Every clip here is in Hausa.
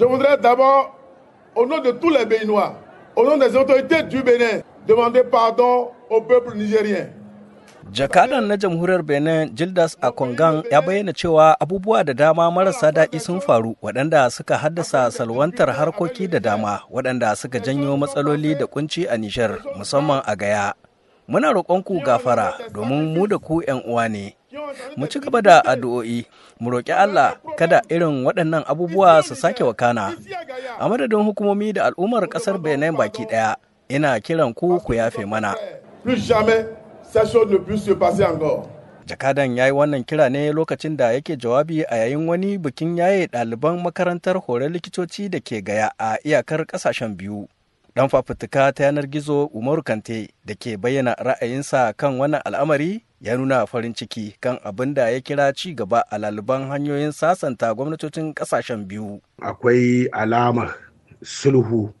Je voudrais d'abord, au nom de tous les Béninois, au nom des autorités du Bénin, demander pardon au peuple nigérien. Jakadan na jamhuriyar Benin Gildas Akongan ya bayyana cewa abubuwa da dama marasa daɗi sun faru waɗanda suka haddasa salwantar harkoki da dama waɗanda suka janyo matsaloli da kunci a Nijar musamman a Gaya. Muna roƙonku gafara domin mu da ku uwa ne. mu ci gaba da addu'o'i mu roƙi Allah kada irin waɗannan abubuwa su sake wakana a madadin hukumomi da al'ummar ƙasar Benin baki ɗaya ina kiran ku ku yafe mana jakadan ya yi wannan kira ne lokacin da yake jawabi a yayin wani bikin yaye ɗaliban makarantar horar likitoci da ke gaya a iyakar ƙasashen biyu Ɗan fafutuka ta yanar gizo umaru kante da ke bayyana ra'ayinsa kan wannan al'amari ya nuna farin ciki kan abin da ya kira ci gaba a laliban hanyoyin sasanta gwamnatocin kasashen biyu. Akwai alama sulhu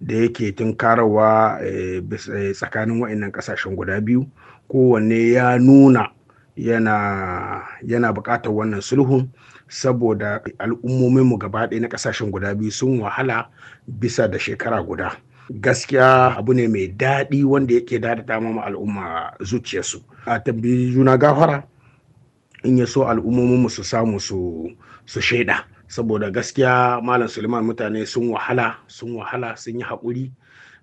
da yake tunkarawa eh, eh, tsakanin wa'annan kasashen guda biyu kowanne ya nuna yana, yana bukatar wannan sulhun saboda al'ummominmu gaba ɗaya na kasashen guda biyu sun wahala bisa da shekara guda. gaskiya abu ne mai daɗi wanda yake daɗaɗa ma al'umma zuciyarsu a tambayi juna gafara in ya so al'ummomin su samu su su shaida saboda gaskiya malam suleiman mutane sun wahala sun wahala sun yi haƙuri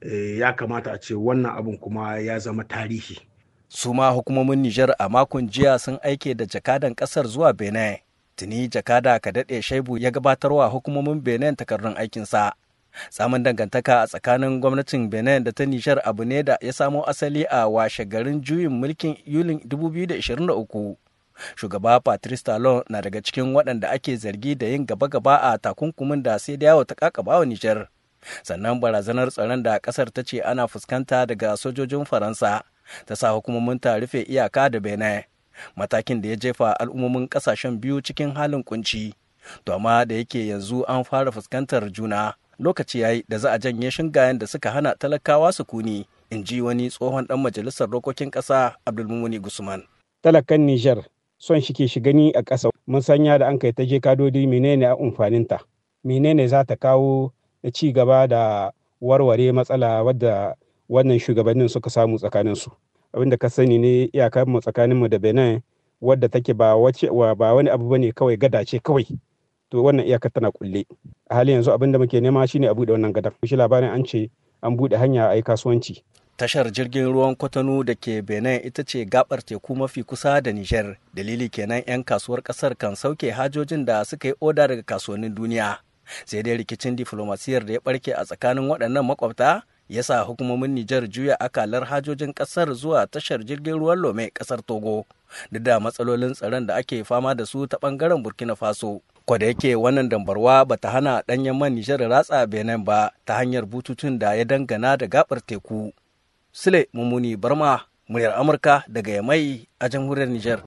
eh, ya kamata a ce wannan abin kuma ya zama tarihi su ma hukumomin nijar a makon jiya sun aike da jakadan kasar zuwa benin tuni jakada ka daɗe shaibu ya gabatarwa hukumomin benin takardun aikinsa Samun dangantaka a tsakanin gwamnatin Benin da ta Nishar abu ne da ya samo asali a washe garin juyin mulkin Yulin 2023. Shugaba Patrice Talon na daga cikin waɗanda ake zargi da yin gaba-gaba a takunkumin da sai da yawo ta kakaba wa Nijar. Sannan barazanar tsaron da ƙasar ta ce ana fuskanta daga sojojin Faransa ta sa hukumomin ta rufe iyaka da Benin. Matakin da ya jefa al'ummomin ƙasashen biyu cikin halin kunci. To amma da yake yanzu an fara fuskantar juna. lokaci ya yi da za a janye shingayen da suka hana talakawa su Kuni in ji wani tsohon dan majalisar dokokin ƙasa abdulmumuni gusman talakan nijar son shike ke shi gani a ƙasa mun sanya da an kai ta je kadodi menene ta menene za ta kawo da ci gaba da warware matsala wadda wannan shugabannin suka samu tsakanin tsakaninsu da ka sani ne iyakar mu tsakaninmu da benin wadda take ba wani abu bane kawai gada ce kawai to wannan iyakar tana kulle a halin yanzu abin da muke nema shine a buɗe wannan gadar shi labarin an ce an buɗe hanya a yi kasuwanci tashar jirgin ruwan kwatano da ke benin ita ce gabar teku mafi kusa da niger dalili kenan 'yan kasuwar kasar kan sauke hajojin da suka yi oda daga kasuwannin duniya sai dai rikicin diflomasiyyar da ya barke a tsakanin waɗannan makwabta ya sa hukumomin Nijar juya akalar hajojin kasar zuwa tashar jirgin ruwan Lome kasar Togo, duk da matsalolin tsaron da ake fama da su ta ɓangaren Burkina Faso. Kwada yake wannan dambarwa ba ta hana ɗanyen man Nijar ratsa Benin ba ta hanyar bututun da ya dangana da gabar teku. Sule Mumuni Barma, muryar Amurka daga Yamai a jamhuriyar Nijar.